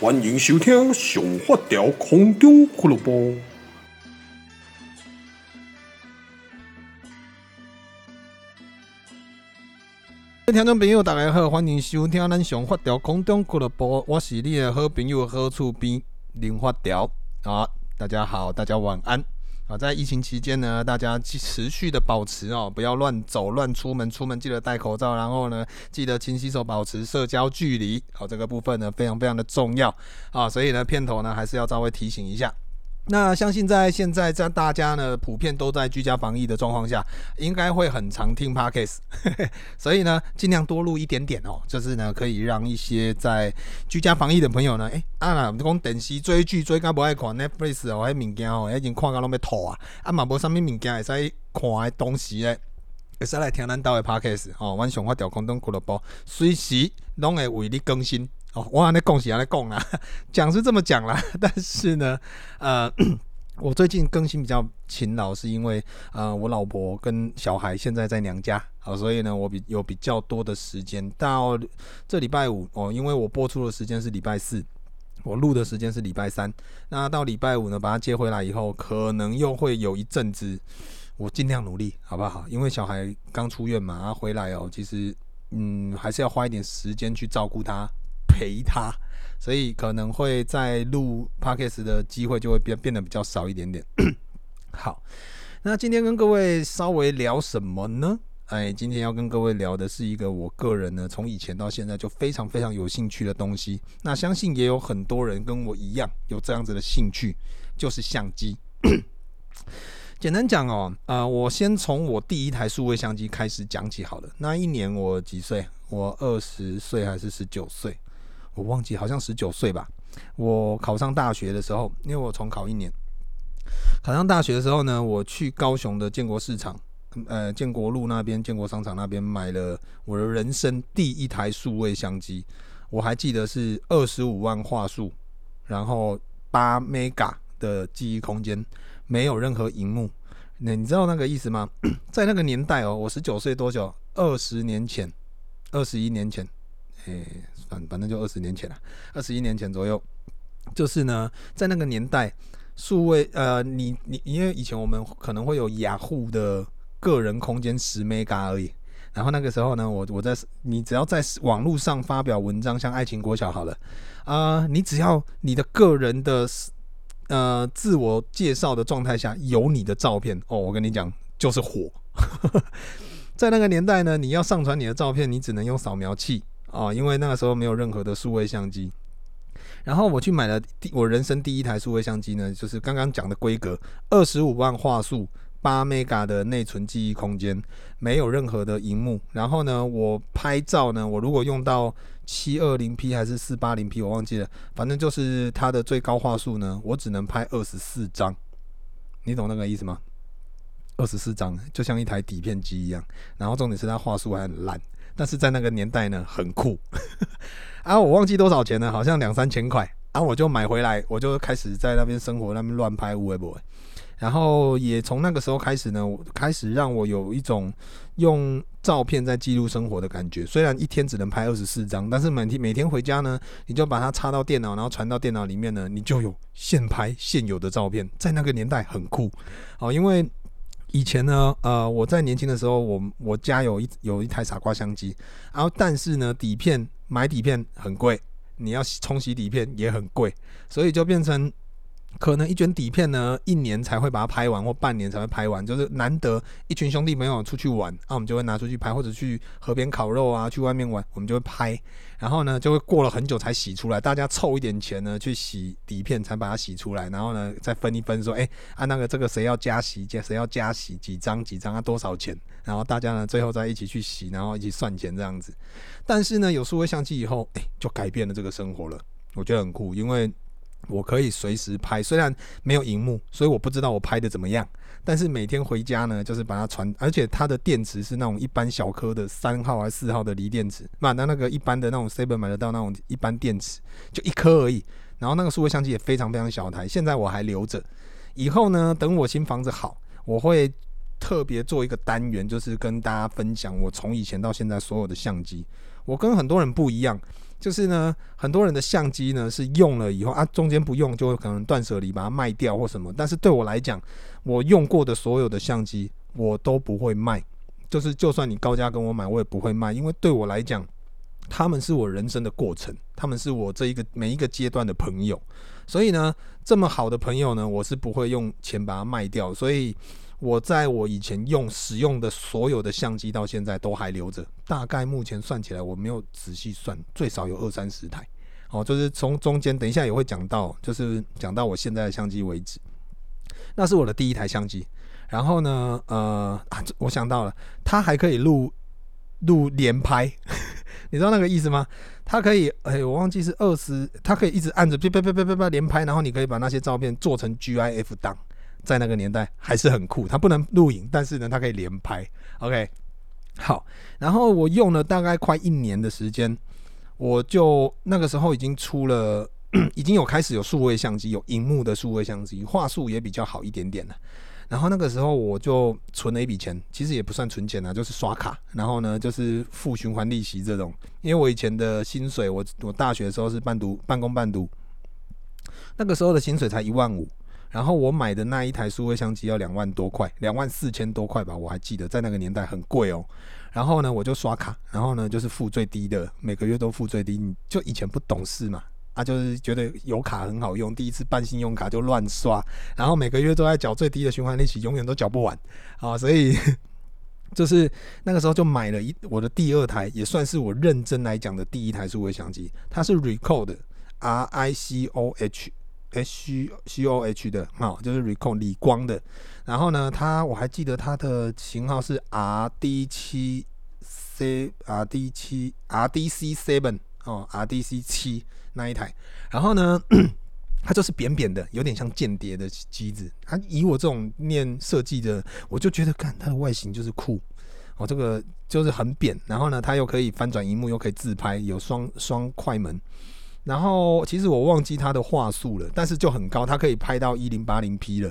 歡迎收聽《上發條空中俱樂部》。聽眾朋友，大家好，歡迎收聽《咱上發條空中俱樂部》，我是你的好朋友、好厝邊林發條啊！大家好，大家晚安。好，在疫情期間呢，大家持續的保持哦，不要亂走、亂出門，出門記得戴口罩，然後呢，記得勤洗手，保持社交距離。好，這個部分呢，非常非常的重要啊，所以呢，片頭呢還是要稍微提醒一下。那相信在現在現在大家呢，普遍都在居家防疫的狀況下，應該會很常聽 Podcast 嘿，所以呢，盡量多錄一點點哦，就是呢，可以讓一些在居家防疫的朋友呢，誒、欸、啊，講電視追劇追到無愛看 Netflix，我愛物件哦，已經看到攏要吐啊，啊嘛無啥物物件會使看的東西呢，會使來聽咱島的 Podcast 哦，上發條空中俱樂部，隨時攏會為你更新。哦，我還在恭喜啊，在恭喜啊。講是這麼講啦，但是呢，呃，我最近更新比較勤勞，是因為呃，我老婆跟小孩現在在娘家好，呃，所以呢，我比有比較多的時間。到這禮拜五哦，因為我播出的時間是禮拜四，我錄的時間是禮拜三。那到禮拜五呢，把他接回來以後，可能又會有一陣子，我盡量努力，好不好？因為小孩剛出院嘛，他、啊、回來哦，其實嗯，還是要花一點時間去照顧他。陪他，所以可能會在錄 podcast 的機會就會變變得比較少一點點。 好，那今天跟各位稍微聊什麼呢？哎，今天要跟各位聊的是一個我個人呢，從以前到現在就非常非常有興趣的東西。那相信也有很多人跟我一樣有這樣子的興趣，就是相機。 簡單講哦、喔，啊、呃，我先從我第一台數位相機開始講起好了。那一年我幾歲？我二十歲還是十九歲？我忘記好像十九歲吧。我考上大學的時候，因為我重考一年，考上大學的時候呢，我去高雄的建國市場，呃，建國路那邊建國商場那邊買了我的人生第一台數位相機。我還記得是二十五萬畫素，然後八 mega 的記憶空間，沒有任何熒幕。你你知道那個意思嗎？在那個年代哦、喔，我十九歲多久？二十年前，二十一年前。誒、欸，反反正就二十年前了，啊，二十一年前左右，就是呢，在那個年代，數位呃，你你因為以前我們可能會有雅虎的個人空間十 mega 而已。然後那個時候呢，我我在你只要在網絡上發表文章，像愛情國小好了，啊、呃，你只要你的個人的呃自我介紹的狀態下有你的照片哦，我跟你講就是火。 在那個年代呢，你要上傳你的照片，你只能用掃描器。哦，因為那個時候沒有任何的數位相機，然後我去買了第我人生第一台數位相機呢，就是剛剛講的規格，二十五萬畫素，八 mega 的內存記憶空間，沒有任何的熒幕。然後呢，我拍照呢，我如果用到七二零 P 還是四八零 P，我忘記了，反正就是它的最高畫素呢，我只能拍二十四張，你懂那個意思嗎？二十四張，就像一台底片機一樣。然後重點是它畫素還很爛。但是在那個年代呢，很酷， 啊，我忘記多少錢了，好像兩三千塊，然後我就買回來，我就開始在那邊生活，那邊亂拍我也不會，然後也從那個時候開始呢，開始讓我有一種用照片在記錄生活的感覺。雖然一天只能拍二十四張，但是每天每天回家呢，你就把它插到電腦，然後傳到電腦裡面呢，你就有現拍現有的照片。在那個年代很酷，好，因為。以前呢，呃，我在年輕的時候我，我我家有一有一台傻瓜相機，然後啊，但是呢，底片買底片很貴，你要沖洗底片也很貴，所以就變成。可能一卷底片呢，一年才會把它拍完，或半年才會拍完，就是難得一群兄弟朋友出去玩，啊，我們就會拿出去拍，或者去河邊烤肉啊，去外面玩，我們就會拍，然後呢，就會過了很久才洗出來，大家湊一點錢呢，去洗底片才把它洗出來，然後呢，再分一分，說，哎、欸，按、啊、那個這個誰要加洗，加誰要加洗幾張幾張啊，多少錢？然後大家呢，最後再一起去洗，然後一起算錢這樣子。但是呢，有數位相機以後，哎、欸，就改變了這個生活了，我覺得很酷，因為，我可以隨時拍，雖然沒有熒幕，所以我不知道我拍的怎麼樣。但是每天回家呢，就是把它傳，而且它的電池是那種一般小顆的三號還是四號的鋰電池，那那個一般的那種，一般買得到那種一般電池，就一顆而已。然後那個數位相機也非常非常小台，現在我還留着。以後呢，等我新房子好，我會特別做一個單元，就是跟大家分享我從以前到現在所有的相機。我跟很多人不一樣。就是呢，很多人的相機呢是用了以後啊，中間不用就會可能斷捨離，把它賣掉或什麼。但是對我來講，我用過的所有的相機我都不會賣，就是就算你高價跟我買，我也不會賣，因為對我來講，他們是我人生的過程，他們是我這一個每一個階段的朋友，所以呢，這麼好的朋友呢，我是不會用錢把它賣掉，所以。我在我以前用使用的所有的相機到現在都還留着，大概目前算起來我沒有仔細算，最少有二三十台。哦，就是從中間，等一下也會講到，就是講到我現在的相機為止，那是我的第一台相機。然後呢，呃，啊、這我想到了，它還可以錄錄連拍， 你知道那個意思嗎？它可以，誒、哎，我忘記是二十，它可以一直按着啪啪啪啪啪啪連拍，然後你可以把那些照片做成 GIF 檔。在那個年代還是很酷，它不能錄影，但是呢，它可以連拍。OK，好，然後我用了大概快一年的時間，我就那個時候已經出了，已經有開始有數位相機，有熒幕的數位相機，畫素也比較好一點點了。然後那個時候我就存了一筆錢，其實也不算存錢啊，就是刷卡，然後呢就是付循環利息這種，因為我以前的薪水，我我大學的時候是半讀半工半讀，那個時候的薪水才一萬五。然後我買的那一台數位相機要兩萬多塊，兩萬四千多塊吧，我還記得，在那個年代很貴哦。然後呢，我就刷卡，然後呢就是付最低的，每個月都付最低。你就以前不懂事嘛，啊，就是覺得有卡很好用，第一次辦信用卡就亂刷，然後每個月都在繳最低的循環利息，永遠都繳不完啊。所以 就是那個時候就買了一我的第二台，也算是我認真來講的第一台數位相機，它是 Ricoh，R-I-C-O-H。S C O H 的，好，哦，就是 Ricoh 理光的。然後呢，它我還記得它的型號是 R D 七 C R D 七 R D C 7，哦，R D C 七那一台。然後呢，它就是扁扁的，有點像間諜的機子。它以我這種念設計的，我就覺得，看它的外形就是酷。哦，這個就是很扁。然後呢，它又可以翻轉熒幕，又可以自拍，有雙雙快門。然後其實我忘記他的畫素了，但是就很高，它可以拍到一零八零 P 了。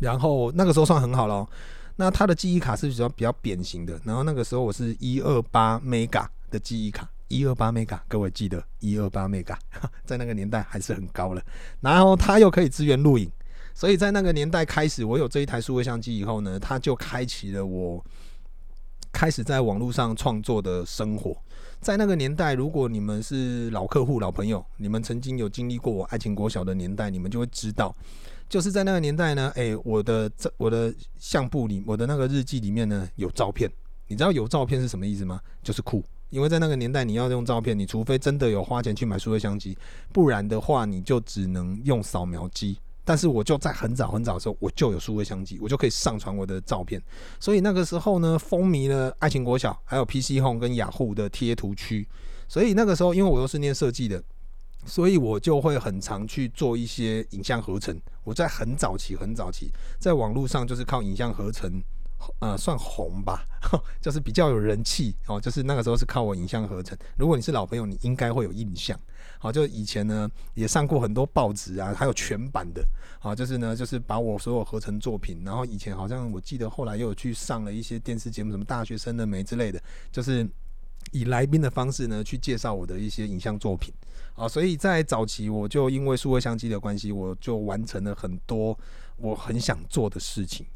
然後那個時候算很好了哦。那它的記憶卡是比較比較扁形的。然後那個時候我是一二八 mega 的記憶卡，一二八 mega，各位記得一二八 mega，在那個年代還是很高了。然後它又可以支援錄影，所以在那個年代開始，我有這一台數位相機以後呢，它就開啟了我開始在網絡上創作的生活。在那個年代，如果你們是老客戶、老朋友，你們曾經有經歷過我愛情國小的年代，你們就會知道，就是在那個年代呢，誒、欸，我的這我的相簿裡，我的那個日記裡面呢有照片，你知道有照片是什麼意思嗎？就是酷，因為在那個年代你要用照片，你除非真的有花錢去買數位相機，不然的話你就只能用掃描機。但是我就在很早很早的時候，我就有數位相機，我就可以上傳我的照片。所以那個時候呢，風靡了愛情國小，還有 PC Home 跟雅虎的貼圖區。所以那個時候，因為我又是念設計的，所以我就會很常去做一些影像合成。我在很早期、很早期，在網絡上就是靠影像合成，呃，算紅吧，就是比較有人氣哦。就是那個時候是靠我影像合成。如果你是老朋友，你應該會有印象。好，就以前呢也上過很多報紙啊，還有全版的。好，就是呢，就是把我所有合成作品，然後以前好像我記得，後來又有去上了一些電視節目，什麼大學生了沒之類的，就是以來賓的方式呢去介紹我的一些影像作品。啊，所以在早期我就因為數位相機的關係，我就完成了很多我很想做的事情。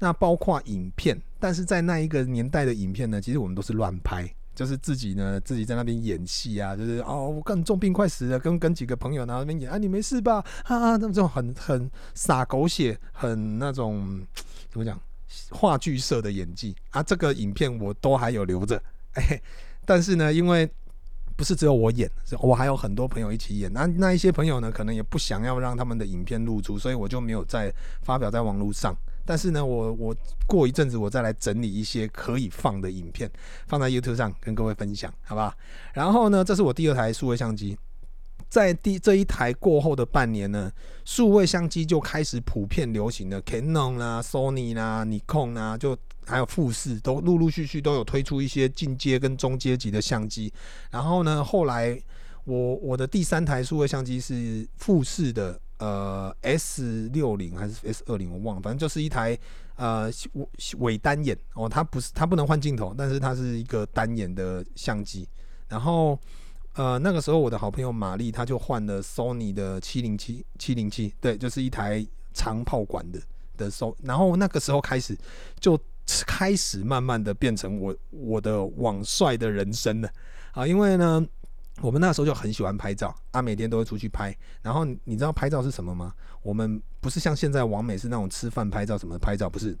那包括影片，但是在那一個年代的影片呢，其實我們都是亂拍。就是自己呢，自己在那邊演戲啊，就是哦，我更重病快死了，跟跟幾個朋友然後，在那邊演啊，你沒事吧？啊，那這種很很灑狗血，很那種怎麼講，話劇社的演技啊，這個影片我都還有留着。哎、欸，但是呢，因為不是只有我演，是我還有很多朋友一起演，那那一些朋友呢，可能也不想要讓他們的影片露出，所以我就沒有再發表在網絡上。但是呢，我我過一陣子我再來整理一些可以放的影片，放在 YouTube 上跟各位分享，好不好？然後呢，這是我第二台數位相機，在第這一台過後的半年呢，數位相機就開始普遍流行的 Canon 啊、Sony 啊、Nikon 啊，就還有富士都陸陸續續都有推出一些進階跟中階級的相機。然後呢，後來我我的第三台數位相機是富士的。呃，S 六零還是 S 二零，我忘了，反正就是一台呃偽單眼哦，它不是，它不能換鏡頭，但是它是一個單眼的相機。然後呃，那個時候我的好朋友瑪麗，他就換了 Sony 的七零七七零七，對，就是一台長炮管的的索尼。然後那個時候開始，就開始慢慢的變成我我的網帥的人生了啊，因為呢。我們那時候就很喜歡拍照，啊，每天都會出去拍。然後你你知道拍照是什麼嗎？我們不是像現在網美是那種吃飯拍照什麼拍照，不是。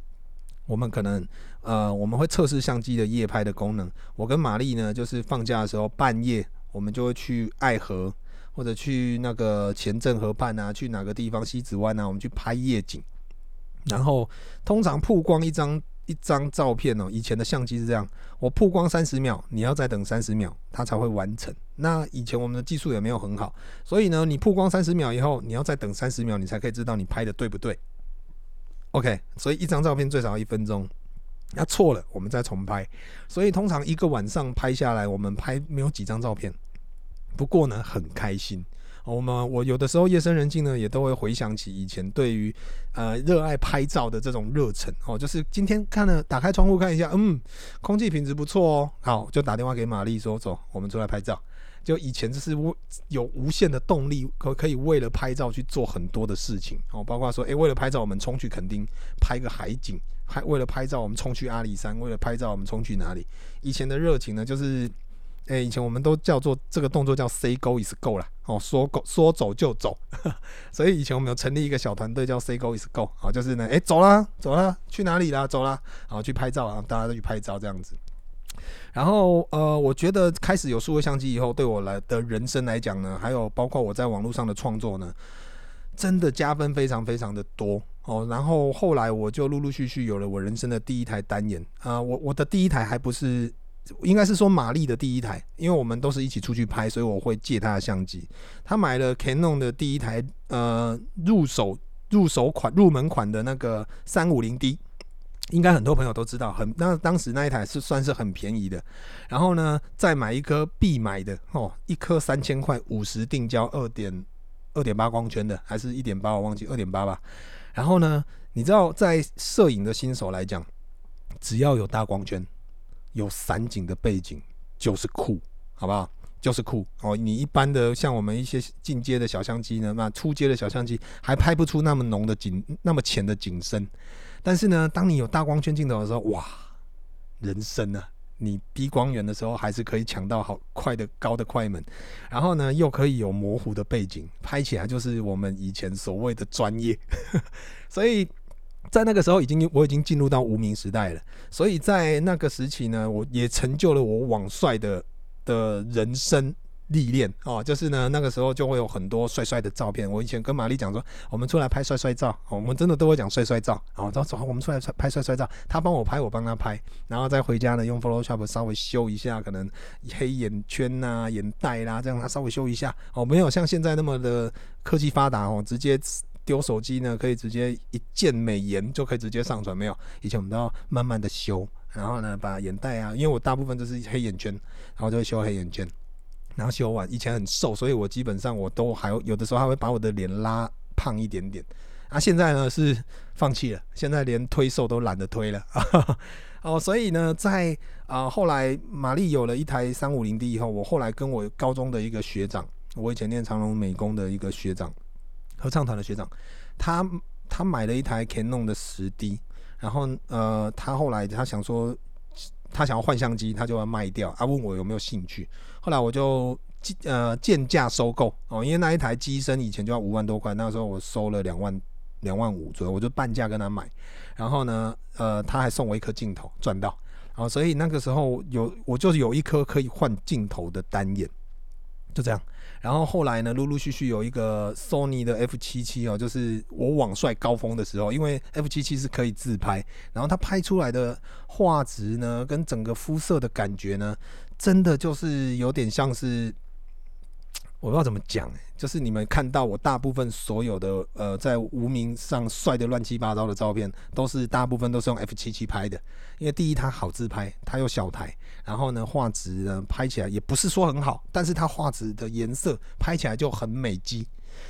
我們可能呃，我們會測試相機的夜拍的功能。我跟瑪麗呢，就是放假的時候半夜，我們就會去愛河或者去那個前鎮河畔啊，去哪個地方西子灣啊，我們去拍夜景。然後通常曝光一張一張照片哦，以前的相機是這樣，我曝光三十秒，你要再等三十秒，它才會完成。那以前我們的技術也沒有很好，所以呢，你曝光三十秒以後，你要再等三十秒，你才可以知道你拍的對不對。OK，所以一張照片最少要一分鐘。那錯了，我們再重拍。所以通常一個晚上拍下來，我們拍沒有幾張照片。不過呢，很開心喔。我們我有的時候夜深人靜呢，也都會回想起以前對於呃熱愛拍照的這種熱忱哦。就是今天看了打開窗戶看一下，嗯，空氣品質不錯哦。好，就打電話給瑪麗說，走，我們出來拍照。就以前就是有無限的動力，可可以為了拍照去做很多的事情哦，包括說，誒、欸，為了拍照我們衝去墾丁拍個海景，還為了拍照我們衝去阿里山，為了拍照我們衝去哪裡？以前的熱情呢，就是，誒、欸，以前我們都叫做這個動作叫 “say go is go” 啦。哦，說 go，說說走就走呵呵，所以以前我們有成立一個小團隊叫 “say go is go” 啊，就是呢，誒、欸，走啦走啦，去哪裡啦？走啦，好，去拍照啊，大家都去拍照這樣子。然後呃，我覺得開始有數位相機以後，對我來的人生來講呢，還有包括我在網絡上的創作呢，真的加分非常非常的多哦。然後後來我就陸陸續續有了我人生的第一台單眼啊、呃，我我的第一台還不是，應該是說瑪麗的第一台，因為我們都是一起出去拍，所以我會借他的相機。他買了 Canon 的第一台，呃，入手入手款入門款的那個 350D。應該很多朋友都知道，很那當時那一台是算是很便宜的，然後呢，再買一顆必買的哦，一顆三千塊五十定焦二點二點八光圈的，還是一點八我忘記二點八吧。然後呢，你知道在攝影的新手來講，只要有大光圈，有散景的背景就是酷，好不好？就是酷哦。你一般的像我們一些進階的小相機呢，那初階的小相機還拍不出那麼濃的景，那麼淺的景深。但是呢，當你有大光圈鏡頭的時候，哇，人生啊！你低光源的時候，還是可以搶到好快的高的快門，然後呢，又可以有模糊的背景，拍起來就是我們以前所謂的專業。 所以在那個時候，已經我已經進入到無名時代了。所以在那個時期呢，我也成就了我網帥的的人生。歷練哦，就是呢，那個時候就會有很多帥帥的照片。我以前跟瑪麗講說，我們出來拍帥帥照，哦，我們真的都會講帥帥照。然後走，我們出來拍帥帥照，他幫我拍，我幫他拍，然後再回家呢，用 Photoshop 稍微修一下，可能黑眼圈啊、眼袋啦、啊，這樣他稍微修一下哦。沒有像現在那麼的科技發達哦，直接丟手機呢，可以直接一鍵美顏就可以直接上傳，沒有以前我們都要慢慢的修，然後呢，把眼袋啊，因為我大部分都是黑眼圈，然後就會修黑眼圈。然後修完以前很瘦，所以我基本上我都還有的時候還會把我的臉拉胖一點點。啊，現在呢是放棄了，現在連推瘦都懶得推了。 哦，所以呢，在、呃、啊後來瑪麗有了一台三五零 D 以後，我後來跟我高中的一個學長，我以前念長榮美工的一個學長，合唱團的學長，他他買了一台 Canon 的10 D，然後呃他後來他想說。他想要換相機，他就要賣掉。他、啊、問我有沒有興趣，後來我就呃賤價收購哦，因為那一台機身以前就要五萬多塊，那時候我收了兩萬兩萬五左右，我就半價跟他買。然後呢，呃，他還送我一顆鏡頭，賺到。哦，所以那個時候有我就是有一顆可以換鏡頭的單眼，就這樣。然後後來呢，陸陸續續有一個 Sony 的 F77 哦，就是我網帥高峰的時候，因為 F77 是可以自拍，然後它拍出來的畫質呢，跟整個膚色的感覺呢，真的就是有點像是。我不知道怎麼講，就是你們看到我大部分所有的呃，在無名上帥的亂七八糟的照片，都是大部分都是用 F77 拍的，因為第一它好自拍，它又小台，然後呢畫質呢拍起來也不是說很好，但是它畫質的顏色拍起來就很美肌，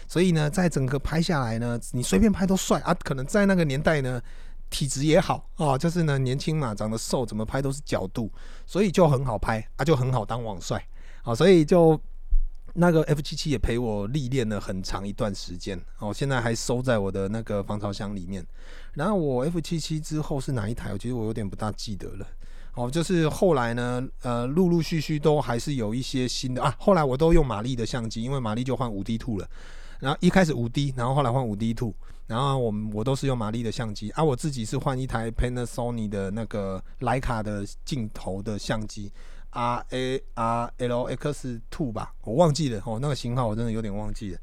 所以呢，在整個拍下來呢，你隨便拍都帥啊。可能在那個年代呢，體質也好啊，就是呢年輕嘛，長得瘦，怎麼拍都是角度，所以就很好拍啊，就很好當網帥，好，啊，所以就。那個 F 七七也陪我歷練了很長一段時間，哦，現在還收在我的那個防潮箱裡面。然後我 F 七七之後是哪一台？我其實我有點不大記得了。哦，就是後來呢，呃，陸陸續續都還是有一些新的啊。後來我都用瑪麗的相機，因為瑪麗就換五 D Two 了。然後一開始五 D，然後後來換五 D Two，然後我們我都是用瑪麗的相機啊。我自己是換一台 Panasonic 的那個徠卡的鏡頭的相機。R A R L X Two 吧，我忘記了哦，那個型號我真的有點忘記了。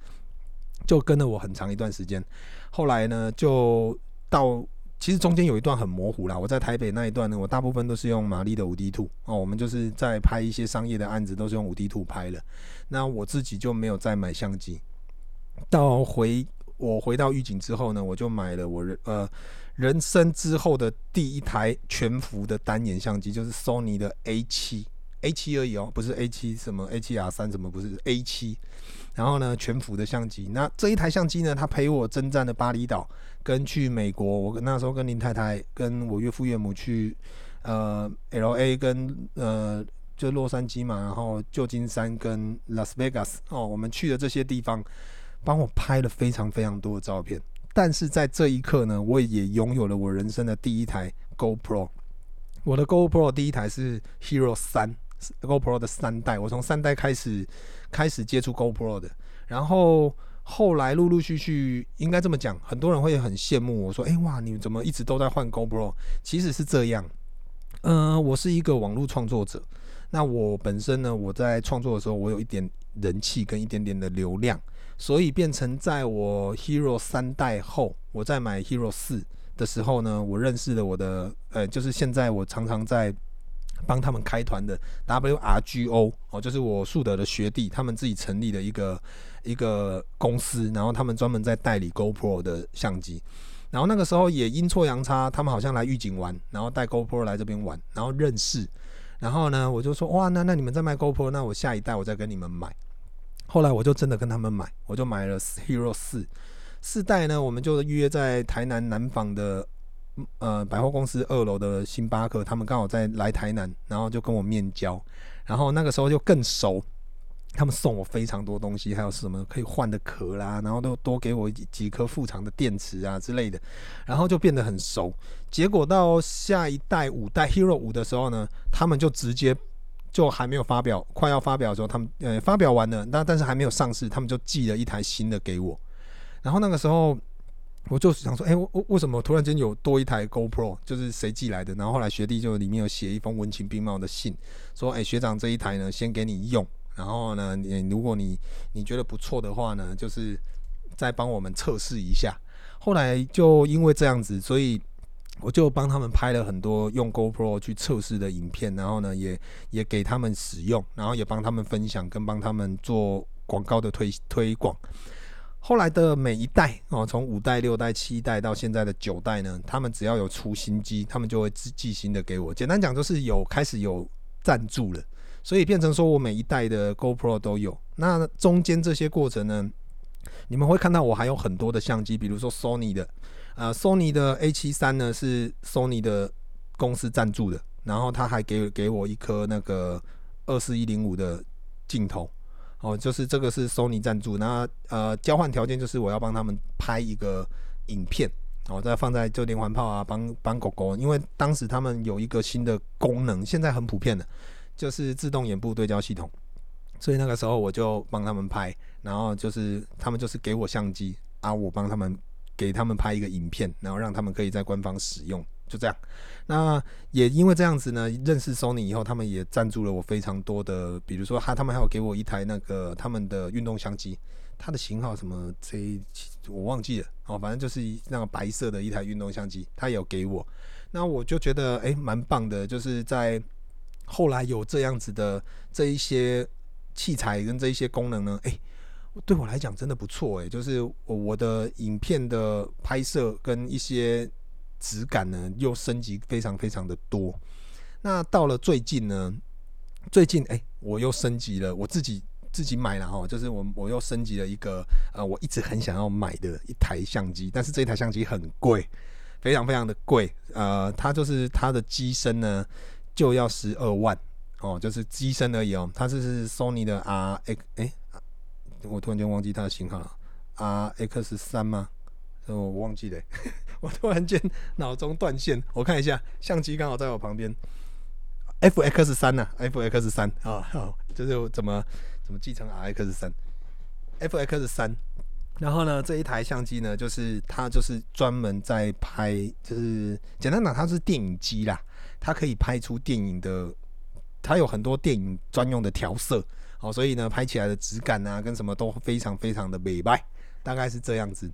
就跟了我很長一段時間，後來呢，就到其實中間有一段很模糊啦，我在台北那一段呢，我大部分都是用瑪麗的五 D Two 哦，我們就是在拍一些商業的案子，都是用五 D Two 拍了。那我自己就沒有再買相機。到回我回到獄警之後呢，我就買了我人呃人生之後的第一台全幅的單眼相機，就是 Sony 的 A7。A7 而已哦，不是 A7，什麼 A7R3 什麼，不是 A7，A7, 然後呢，全幅的相機。那這一台相機呢，它陪我征戰的巴厘島，跟去美國，我那時候跟林太太跟我岳父岳母去，呃，L A 跟呃就洛杉磯嘛，然後舊金山跟 Las Vegas 哦，我們去的這些地方，幫我拍了非常非常多的照片。但是在這一刻呢，我也擁有了我人生的第一台 GoPro。我的 GoPro 第一台是 Hero 3。GoPro 的三代，我從三代開始開始接觸 GoPro 的，然後後來陸陸續續，應該這麼講，很多人會很羨慕我說：“哎、欸、哇，你怎麼一直都在換 GoPro？” 其實是這樣，嗯、呃，我是一個網絡創作者，那我本身呢，我在創作的時候，我有一點人氣跟一點點的流量，所以變成在我 Hero 三代後，我在買 Hero 四的時候呢，我認識了我的，呃，就是現在我常常在。幫他們開團的 WRGO 哦，就是我樹德的學弟，他們自己成立的一個一個公司，然後他們專門在代理 GoPro 的相機，然後那個時候也陰錯陽差，他們好像來玉井玩，然後帶 GoPro 來這邊玩，然後認識，然後呢，我就說哇，那那你們在賣 GoPro，那我下一代我再跟你們買，後來我就真的跟他們買，我就買了 Hero 四四代呢，我們就約在台南南紡的。呃，百貨公司二樓的星巴克，他們剛好在來台南，然後就跟我面交，然後那個時候就更熟，他們送我非常多東西，還有什麼可以換的殼啦，然後都多給我幾幾顆副廠的電池啊之類的，然後就變得很熟。結果到下一代五代 Hero 五的時候呢，他們就直接就還沒有發表，快要發表的時候，他們呃發表完了，那但，但是還沒有上市，他們就寄了一台新的給我，然後那個時候。我就是想說，誒、欸，我我為什麼突然間有多一台 GoPro？就是誰寄來的？然後後來學弟就裡面有寫一封文情並茂的信，說，誒、欸，學長這一台呢先給你用，然後呢，你如果你你覺得不錯的話呢，就是再幫我們測試一下。後來就因為這樣子，所以我就幫他們拍了很多用 GoPro 去測試的影片，然後呢，也也給他們使用，然後也幫他們分享，跟幫他們做廣告的推推廣。後來的每一代哦，從五代、六代、七代到現在的九代呢，他們只要有出新機，他們就會寄新的給我。簡單講，就是有開始有贊助了，所以變成說我每一代的 GoPro 都有。那中間這些過程呢，你們會看到我還有很多的相機，比如說 Sony 的，啊、呃、Sony 的 A 七三呢，是 Sony 的公司贊助的，然後他還給我給我一顆那個二四一零五的鏡頭。哦，就是這個是 Sony 贊助，那呃交換條件就是我要幫他們拍一個影片，然後，哦，再放在就連環炮啊，幫幫狗狗，因為當時他們有一個新的功能，現在很普遍的，就是自動眼部對焦系統，所以那個時候我就幫他們拍，然後就是他們就是給我相機啊，我幫他們給他們拍一個影片，然後讓他們可以在官方使用。就這樣，那也因為這樣子呢，認識 Sony 以後，他們也贊助了我非常多的，比如說哈，他們還有給我一台那個他們的運動相機，它的型號什麼這我忘記了哦，反正就是那個白色的一台運動相機，他也有給我，那我就覺得哎蠻、欸、棒的，就是在後來有這樣子的這一些器材跟這一些功能呢，哎、欸，對我來講真的不錯誒、欸，就是我我的影片的拍攝跟一些。質感呢又升級非常非常的多，那到了最近呢，最近哎、欸、我又升級了，我自己自己買了哦，就是我我又升級了一個呃我一直很想要買的一台相機，但是這一台相機很貴，非常非常的貴，呃，它就是它的機身呢就要十二萬哦，就是機身而已哦、喔，它這是 Sony 的 R X 哎、欸，我突然間忘記它的型號了，R X 三嗎？我忘記了、欸。我突然間腦中斷線，我看一下相機剛好在我旁邊，FX 三呢？FX 三啊、哦哦，就是我怎麼怎麼繼承 RX 三？FX 三。然後呢，這一台相機呢，就是它就是專門在拍，就是簡單講，它是電影機啦，它可以拍出電影的，它有很多電影專用的調色哦，所以呢，拍起來的質感啊，跟什麼都非常非常的美白大概是這樣子。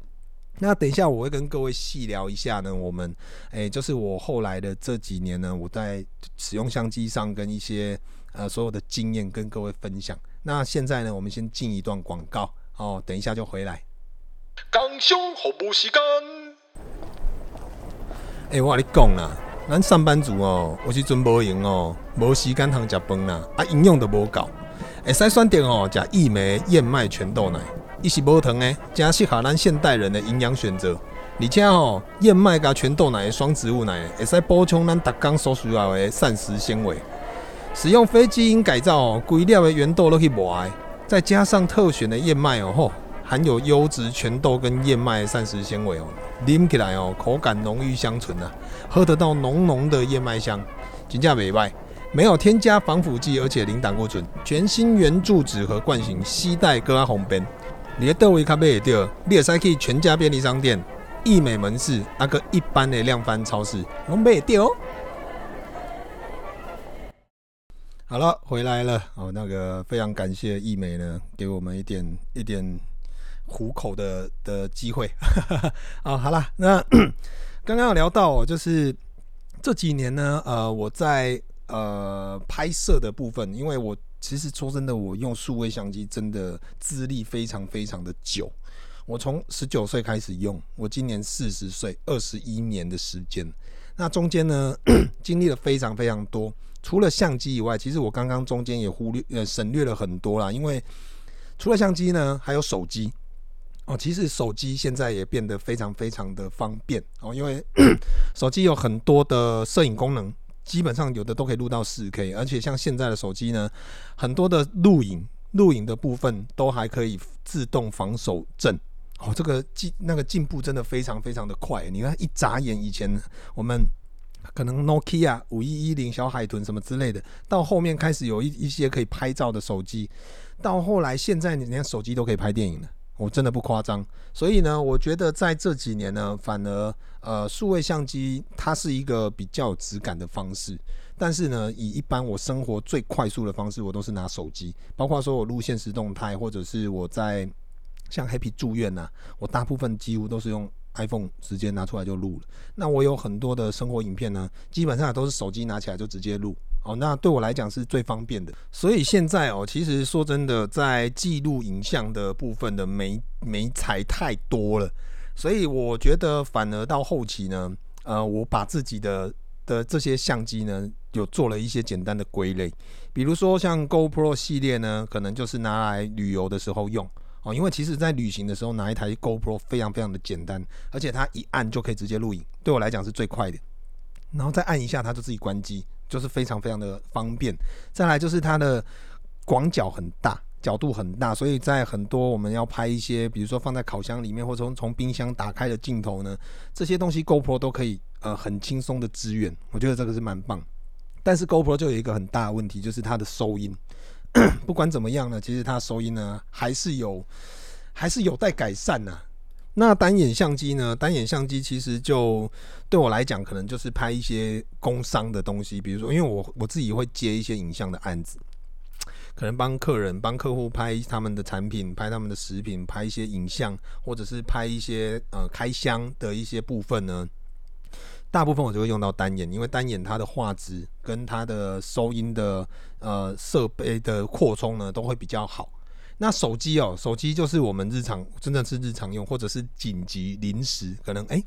那等一下我會跟各位細聊一下呢，我們，誒、欸，就是我後來的這幾年呢，我在使用相機上跟一些呃所有的經驗跟各位分享。那現在呢，我們先進一段廣告哦，等一下就回來。工商服務時間，哎、欸，我跟你講啦，咱上班族哦、喔，我這陣無閒喔，沒時間通食飯啦，啊，營養都無夠。會使選擇哦，加一杯燕麥全豆奶，伊是無糖誒，正適合咱現代人的營養選擇。而且哦，燕麥甲全豆奶雙植物奶，會使補充咱逐工所需要的膳食纖維。使用非基因改造哦，規粒的原豆落去磨，再加上特選的燕麥哦，含有優質全豆跟燕麥膳食纖維哦，啉起來哦，口感濃郁香醇吶、啊，喝得到濃濃的燕麥香，真正美味。沒有添加防腐劑，而且零膽固醇，全新圓柱紙盒罐型，攜帶更加方便。你的豆威咖啡你也可以全家便利商店、義美門市，那個一般的量販超市，買得到哦。好了，回來了，好、哦，那個非常感謝義美呢，給我們一點一點糊口的的機會。 好好啦，那剛剛 有聊到哦，就是這幾年呢，呃，我在。呃，拍攝的部分，因為我其實說真的，我用數位相機真的資歷非常非常的久，我從十九歲開始用，我今年四十歲，二十一年的時間。那中間呢， 經歷了非常非常多。除了相機以外，其實我剛剛中間也忽略呃、省略了很多啦，因為除了相機呢，還有手機。哦，其實手機現在也變得非常非常的方便哦，因為 手機有很多的攝影功能。基本上有的都可以錄到四 K，而且像現在的手機呢，很多的錄影錄影的部分都還可以自動防手震哦，這個進那個進步真的非常非常的快。你看一眨眼，以前我們可能 Nokia 五一一零小海豚什麼之類的，到後面開始有一一些可以拍照的手機，到後來現在你連手機都可以拍電影了。我真的不誇張，所以呢，我覺得在這幾年呢，反而呃，數位相機它是一個比較有質感的方式。但是呢，以一般我生活最快速的方式，我都是拿手機，包括說我錄限時動態，或者是我在像 Happy 住院吶、啊，我大部分幾乎都是用 iPhone 直接拿出來就錄了。那我有很多的生活影片呢，基本上都是手機拿起來就直接錄。哦，那對我來講是最方便的。所以現在哦、喔，其實說真的，在記錄影像的部分的沒沒踩太多了。所以我覺得反而到後期呢，呃，我把自己的的這些相機呢，有做了一些簡單的歸類。比如說像 GoPro 系列呢，可能就是拿來旅遊的時候用哦，因為其實在旅行的時候拿一台 GoPro 非常非常的簡單，而且它一按就可以直接錄影，對我來講是最快的。然後再按一下，它就自己關機。就是非常非常的方便，再來就是它的廣角很大，角度很大，所以在很多我們要拍一些，比如說放在烤箱裡面或從從冰箱打開的鏡頭呢，這些東西 GoPro 都可以呃很輕鬆的支援，我覺得這個是蠻棒。但是 GoPro 就有一個很大的問題，就是它的收音， 不管怎麼樣呢，其實它的收音呢還是有還是有待改善吶啊。那單眼相機呢？單眼相機其實就對我來講，可能就是拍一些工商的東西，比如說，因為我我自己會接一些影像的案子，可能幫客人、幫客戶拍他們的產品、拍他們的食品、拍一些影像，或者是拍一些呃開箱的一些部分呢。大部分我就會用到單眼，因為單眼它的畫質跟它的收音的呃設備的擴充呢，都會比較好。那手機喔，手機就是我們日常，真的是日常用，或者是緊急臨時，可能欸，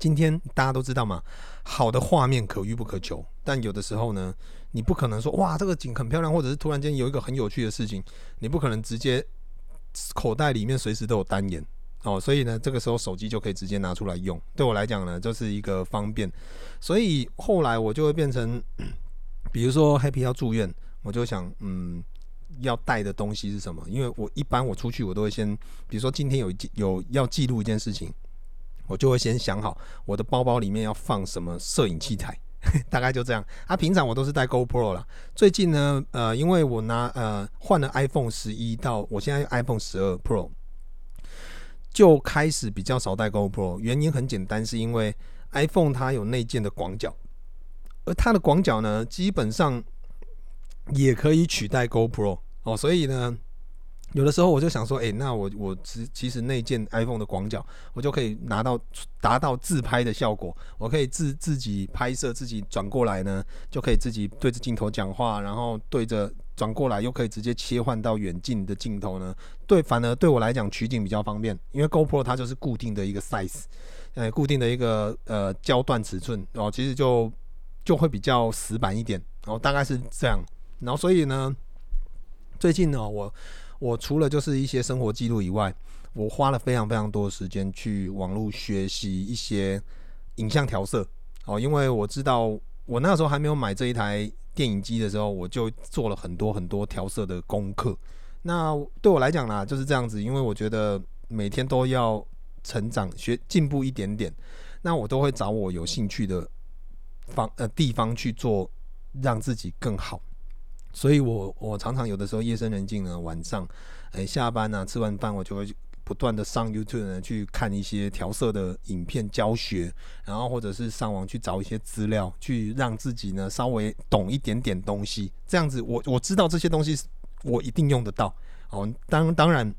今天大家都知道嘛，好的畫面可遇不可求，但有的時候呢，你不可能說哇，這個景很漂亮，或者是突然間有一個很有趣的事情，你不可能直接口袋裡面隨時都有單眼喔，所以呢，這個時候手機就可以直接拿出來用，對我來講呢，就是一個方便，所以後來我就會變成，比如說 Happy 要住院，我就想嗯。要帶的東西是什麼？因為我一般我出去，我都會先，比如說今天有記有要記錄一件事情，我就會先想好我的包包裡面要放什麼攝影器材，大概就這樣。啊，平常我都是帶 GoPro 啦，最近呢，呃，因為我拿呃換了 iPhone 十一到我現在用 iPhone 十二 Pro，就開始比較少帶 GoPro。原因很簡單，是因為 iPhone 它有內建的廣角，而它的廣角呢，基本上也可以取代 GoPro。哦，所以呢，有的時候我就想說，欸，那我我其其實內建 iPhone 的廣角，我就可以拿到達到自拍的效果，我可以自自己拍攝，自己轉過來呢，就可以自己對着鏡頭講話，然後對着轉過來又可以直接切換到遠近的鏡頭呢，對，反而對我來講取景比較方便，因為 GoPro 它就是固定的一個 size，呃，固定的一個呃焦段尺寸哦，其實就就會比較死板一點，哦，然後大概是這樣，然後所以呢。最近呢，我我除了就是一些生活記錄以外，我花了非常非常多的時間去網絡學習一些影像調色哦，因為我知道我那時候還沒有買這一台電影機的時候，我就做了很多很多調色的功課。那對我來講啦，就是這樣子，因為我覺得每天都要成長、學進步一點點，那我都會找我有興趣的方，呃，地方去做，讓自己更好。所以我，我我常常有的時候夜深人靜呢，晚上，哎、欸，下班呢、啊，吃完飯，我就會不斷的上 YouTube 呢去看一些調色的影片教學，然後或者是上網去找一些資料，去讓自己呢稍微懂一點點東西。這樣子我，我我知道這些東西，我一定用得到。哦，當當然，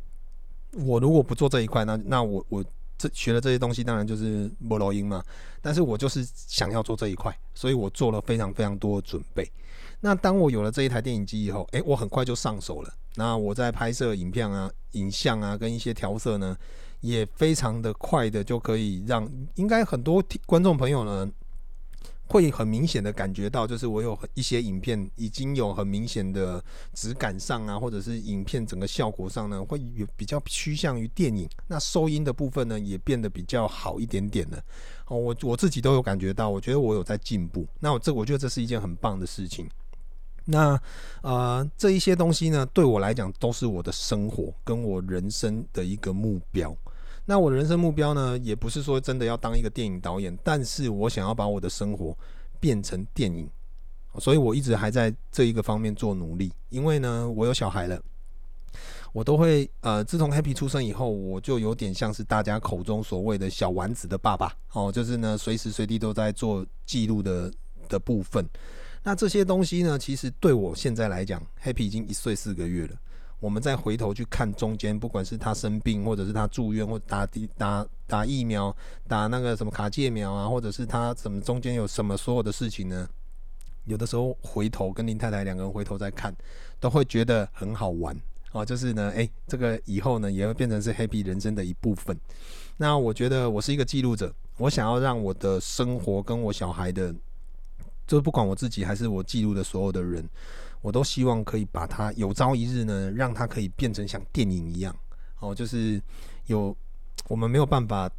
我如果不做這一塊，那那我我這學的這些東西，當然就是無路用嘛。但是我就是想要做這一塊，所以我做了非常非常多的準備。那當我有了這一台電影機以後，哎、欸，我很快就上手了。那我在拍攝影片啊、影像啊，跟一些調色呢，也非常的快的就可以讓應該很多觀眾朋友呢，會很明顯的感覺到，就是我有一些影片已經有很明顯的質感上啊，或者是影片整個效果上呢，會有比較趨向於電影。那收音的部分呢，也變得比較好一點點了。哦，我我自己都有感覺到，我覺得我有在進步。那我這我覺得這是一件很棒的事情。那，呃，這一些東西呢，對我來講都是我的生活跟我人生的一個目標。那我的人生目標呢，也不是說真的要當一個電影導演，但是我想要把我的生活變成電影，所以我一直還在這一個方面做努力。因為呢，我有小孩了，我都會呃，自從 Happy 出生以後，我就有點像是大家口中所謂的小丸子的爸爸哦，就是呢，隨時隨地都在做記錄的的部分。那這些東西呢，其實對我現在來講，Happy 已經一歲四個月了。我們再回頭去看中間，不管是他生病，或者是他住院，或者打滴打打疫苗，打那個什麼卡介苗啊，或者是他什麼中間有什麼所有的事情呢？有的時候回頭跟林太太兩個人回頭再看，都會覺得很好玩哦、啊。就是呢，誒、欸，這個以後呢也會變成是 Happy 人生的一部分。那我覺得我是一個記錄者，我想要讓我的生活跟我小孩的。就不管我自己還是我記錄的所有的人，我都希望可以把它有朝一日呢，讓它可以變成像電影一樣哦。就是有我們沒有辦法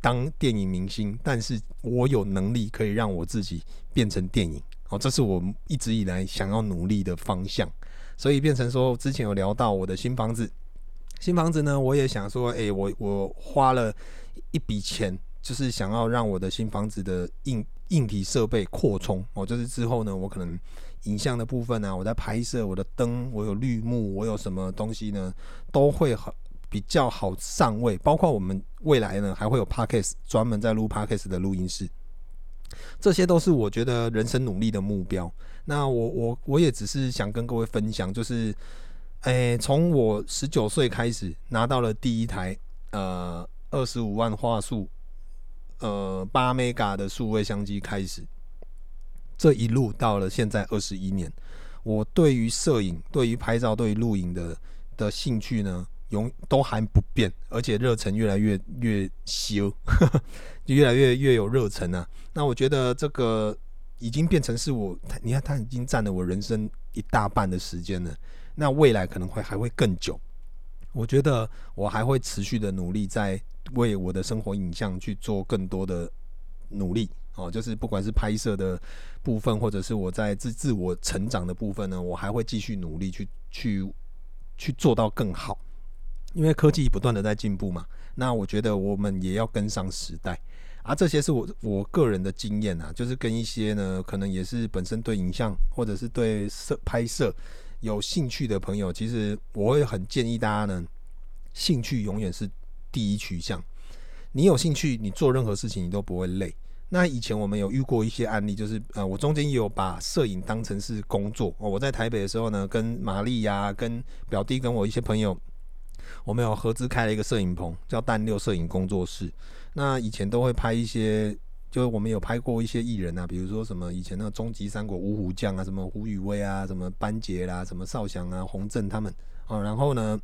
當電影明星，但是我有能力可以讓我自己變成電影哦。這是我一直以來想要努力的方向，所以變成說之前有聊到我的新房子，新房子呢，我也想說，誒、欸，我我花了一筆錢，就是想要讓我的新房子的硬。硬體設備擴充，哦，就是之後呢，我可能影像的部分呢、啊，我在拍攝，我的燈，我有綠幕，我有什麼東西呢，都會好比較好上位，包括我們未來呢，還會有 Podcast 專門在錄 Podcast 的錄音室，這些都是我覺得人生努力的目標。那我我我也只是想跟各位分享，就是，誒、欸，從我十九歲開始拿到了第一台，呃，二十五萬畫素。呃，八 mega 的數位相機開始，這一路到了現在二十一年，我對於攝影、對於拍照、對於錄影的的興趣呢，永都還不變，而且熱忱越來越越燒，呵呵，就越來越越有熱忱啊。那我覺得這個已經變成是我，他你看他已經占了我人生一大半的時間了，那未來可能會還會更久。我覺得我還會持續的努力，在為我的生活影像去做更多的努力哦，就是不管是拍攝的部分，或者是我在自自我成長的部分呢，我還會繼續努力去去去做到更好，因為科技不斷的在進步嘛。那我覺得我們也要跟上時代啊，而這些是我我個人的經驗啊，就是跟一些呢，可能也是本身對影像或者是對攝拍攝。有興趣的朋友，其實我會很建議大家呢，興趣永遠是第一取向。你有興趣，你做任何事情你都不會累。那以前我們有遇過一些案例，就是呃，我中間也有把攝影當成是工作，哦。我在台北的時候呢，跟瑪麗呀、跟表弟、跟我一些朋友，我們有合資開了一個攝影棚，叫蛋六攝影工作室。那以前都會拍一些。就是我們有拍過一些藝人啊，比如說什麼以前那個《終極三國》五虎將啊，什麼胡宇威啊，什麼班傑啦、啊，什麼邵翔啊、洪震他們啊、哦。然後呢，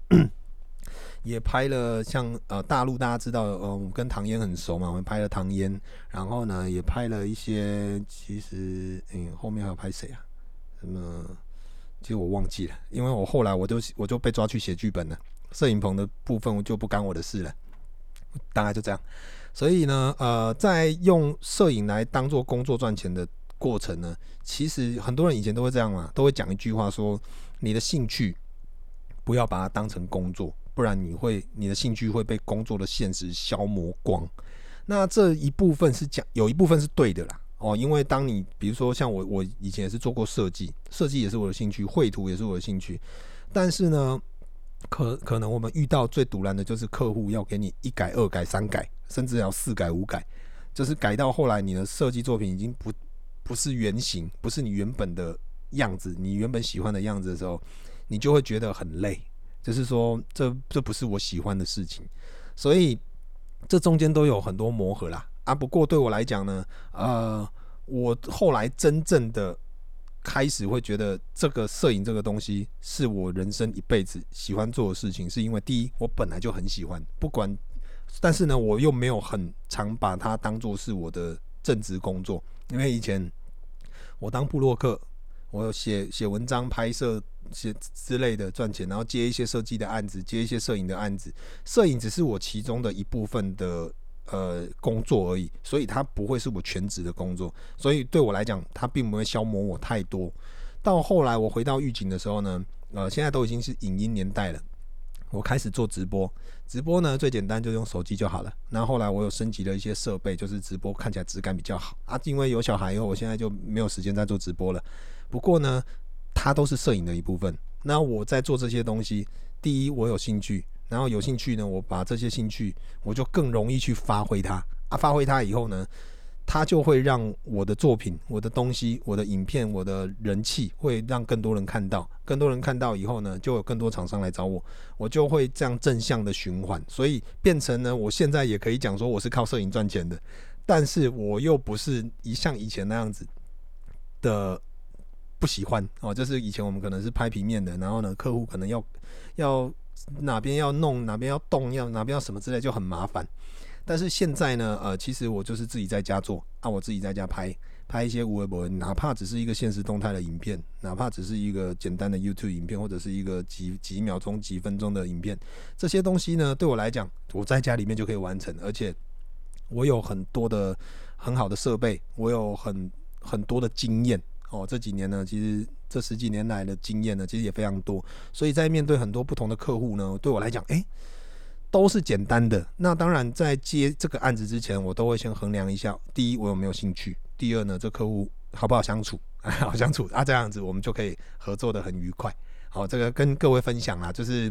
也拍了像呃大陸大家知道，嗯、呃，我跟唐嫣很熟嘛，我們拍了唐嫣。然後呢，也拍了一些，其實嗯、欸，後面還要拍誰啊？什麼？其實我忘記了，因為我後來我就我就被抓去寫劇本了，攝影棚的部分我就不干我的事了，大概就這樣。所以呢，呃，在用攝影來當做工作賺錢的過程呢，其實很多人以前都會這樣嘛，都會講一句話說：你的興趣不要把它當成工作，不然你會你的興趣會被工作的現實消磨光。那這一部分是講，有一部分是對的啦，哦，因為當你比如說像我，我以前也是做過設計，設計也是我的興趣，繪圖也是我的興趣，但是呢。可可能我們遇到最賭爛的就是客戶要給你一改二改三改，甚至要四改五改，就是改到後來你的設計作品已經不不是原型，不是你原本的樣子，你原本喜歡的樣子的時候，你就會覺得很累，就是說這這不是我喜歡的事情，所以這中間都有很多磨合啦。啊，不過對我來講呢，呃，我後來真正的。開始會覺得這個攝影這個東西是我人生一輩子喜歡做的事情，是因為第一，我本來就很喜歡，不管，但是呢，我又沒有很常把它當做是我的正職工作，因為以前我當部落客，我寫寫文章拍、拍攝、寫之類的賺錢，然後接一些設計的案子，接一些攝影的案子，攝影只是我其中的一部分的。呃，工作而已，所以它不會是我全職的工作，所以對我來講，它並不會消磨我太多。到後來我回到獄警的時候呢，呃，現在都已經是影音年代了，我開始做直播，直播呢最簡單就用手機就好了。那後來我有升級了一些設備，就是直播看起來質感比較好啊。因為有小孩以後，我現在就沒有時間再做直播了。不過呢，它都是攝影的一部分。那我在做這些東西，第一我有興趣。然後有興趣呢，我把這些興趣，我就更容易去發揮它啊！發揮它以後呢，它就會讓我的作品、我的東西、我的影片、我的人氣，會讓更多人看到。更多人看到以後呢，就有更多廠商來找我，我就會這樣正向的循環。所以變成呢，我現在也可以講說我是靠攝影賺錢的，但是我又不是一像以前那樣子的不喜歡哦。就是以前我們可能是拍平面的，然後呢，客戶可能要要。哪邊要弄，哪邊要動，要哪邊要什麼之類，就很麻煩。但是現在呢，呃，其實我就是自己在家做，啊，我自己在家拍拍一些微博，哪怕只是一個限時動態的影片，哪怕只是一個簡單的 YouTube 影片，或者是一個幾幾秒鐘、幾分鐘的影片，這些東西呢，對我來講，我在家裡面就可以完成，而且我有很多的很好的設備，我有很很多的經驗。哦，這幾年呢，其實。這十幾年來的經驗呢，其實也非常多，所以在面對很多不同的客戶呢，對我來講，誒，都是簡單的。那當然，在接這個案子之前，我都會先衡量一下：第一，我有沒有興趣；第二呢，這客戶好不好相處？哎、好相處啊，這樣子我們就可以合作得很愉快。好，這個跟各位分享啊，就是，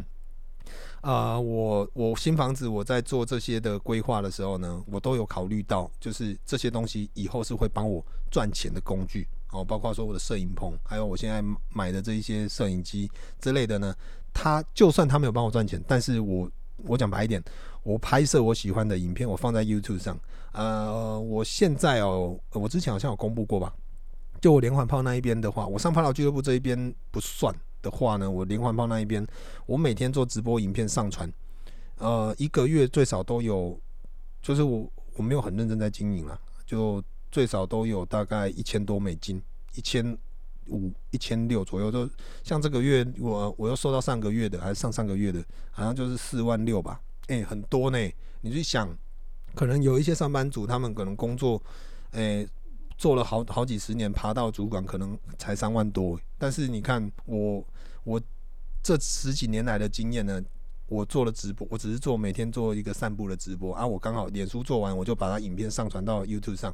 啊、呃，我我新房子我在做這些的規劃的時候呢，我都有考慮到，就是這些東西以後是會幫我賺錢的工具。哦，包括說我的攝影棚，還有我現在買的這一些攝影機之類的呢。他就算他沒有幫我賺錢，但是我我講白一點，我拍攝我喜歡的影片，我放在 YouTube 上。呃，我現在哦，我之前好像有公布過吧？就我連環炮那一邊的話，我上發條俱樂部這一邊不算的話呢，我連環炮那一邊，我每天做直播影片上傳，呃，一個月最少都有，就是我我沒有很認真在經營了，就。最少都有大概一千多美金，一千五、一千六左右。就像這個月，我我又收到上個月的，還是上上個月的，好像就是四萬六吧。誒、欸，很多呢。你去想，可能有一些上班族，他們可能工作，誒、欸，做了好好幾十年，爬到主管可能才三萬多。但是你看我，我這十幾年來的經驗呢，我做了直播，我只是做每天做一個散步的直播啊。我剛好臉書做完，我就把它影片上傳到 YouTube 上。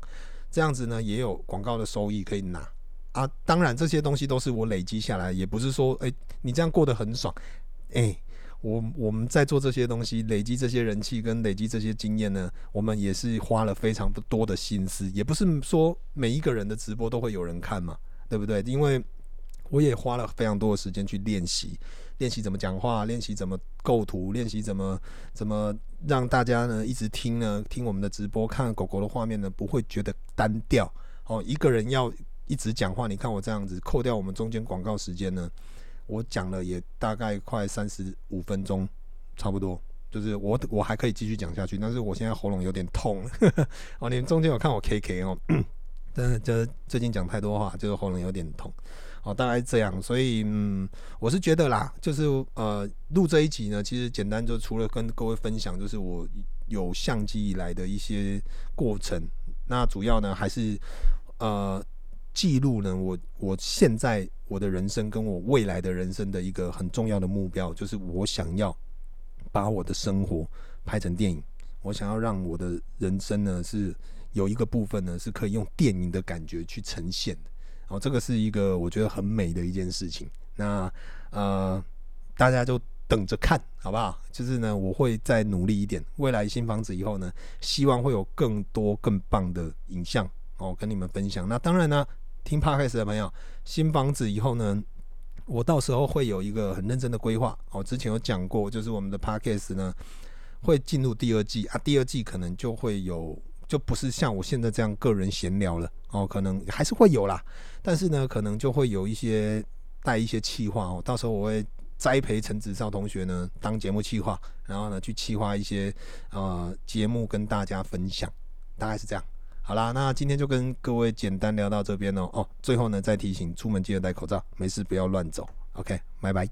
這樣子呢，也有廣告的收益可以拿啊。當然這些東西都是我累積下來的，也不是說誒、欸、你這樣過得很爽，誒、欸。我我們在做這些東西，累積這些人氣跟累積這些經驗呢，我們也是花了非常多的心思，也不是說每一個人的直播都會有人看嘛，對不對？因為我也花了非常多的時間去練習，練習怎麼講話，練習怎麼構圖，練習怎麼怎麼讓大家呢一直聽呢，聽我們的直播，看狗狗的畫面呢不會覺得單調哦。一個人要一直講話，你看我這樣子，扣掉我們中間廣告時間呢，我講了也大概快三十五分鐘，差不多，就是我我還可以繼續講下去，但是我現在喉嚨有點痛。呵呵哦，你們中間有看我 K K 哦，真的就是最近講太多話，就是喉嚨有點痛。哦，大概這樣，所以嗯，我是覺得啦，就是呃，錄這一集呢，其實簡單，就除了跟各位分享，就是我有相機以來的一些過程。那主要呢，還是呃，記錄呢，我我現在我的人生跟我未來的人生的一個很重要的目標，就是我想要把我的生活拍成電影，我想要讓我的人生呢是有一個部分呢是可以用電影的感覺去呈現的。哦，這個是一個我覺得很美的一件事情。那呃，大家就等着看好不好？就是呢，我會再努力一點。未來新房子以後呢，希望會有更多更棒的影像哦跟你們分享。那當然呢，聽 Podcast 的朋友，新房子以後呢，我到時候會有一個很認真的規劃。我、哦、之前有講過，就是我們的 Podcast 呢會進入第二季啊，第二季可能就會有。就不是像我現在這樣個人閒聊了哦，可能還是會有啦，但是呢，可能就會有一些帶一些企劃哦，到時候我會栽培陳子少同學呢當節目企劃，然後呢去企劃一些呃節目跟大家分享，大概是這樣。好啦，那今天就跟各位簡單聊到這邊哦哦，最後呢再提醒，出門記得戴口罩，沒事不要亂走。OK，拜拜。